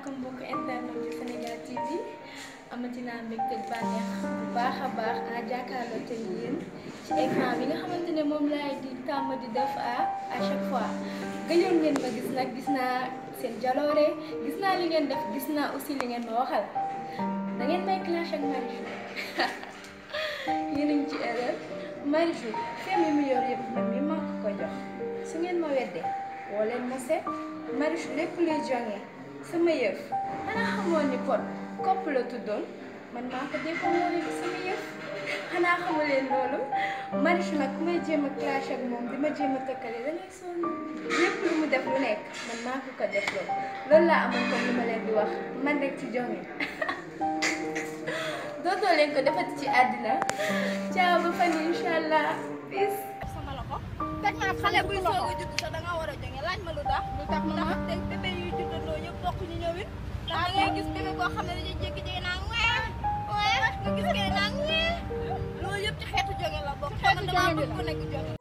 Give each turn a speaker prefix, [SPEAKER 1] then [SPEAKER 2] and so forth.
[SPEAKER 1] asalaamaaleykum mbokk internet yu Sénégal TV amati naa mbégte bànneex bu baax a baax a jàkkaarloo te yéen ci écran bi nga xamante ne moom laay di tàmm di def à à chaque fois gëjoon ngeen ma gis nag gis naa seen jaloore gis naa li ngeen def gis naa aussi li ngeen ma waxal da ngeen may clash ak Marichou yéen a ngi ci erreur Marichou femme mi yor yëpp mi maa ko jox su ngeen ma weddee woo leen ma seet Marichou lépp luy sama yëf xanaa xamoon ni pot kopp la tuddoon man maa ko découvrir sama yëf xanaa xamu leen loolu Marichou nag ku may jéem a clash ak moom di ma jéem a tëkkale da ngay sonn lépp lu mu def lu nekk man maa ko ko def loolu loolu laa amoon kon lu ma leen di wax man rek ci jonge dootoo leen ko defati ci àddina ciao ba fan incha allah bis sama loxo teg naa xale buy soog a judd sa da nga
[SPEAKER 2] war ndax da ngay gis bébé boo xam ne ci xeetu jóge la bokk. xeetu jóge la kon damaa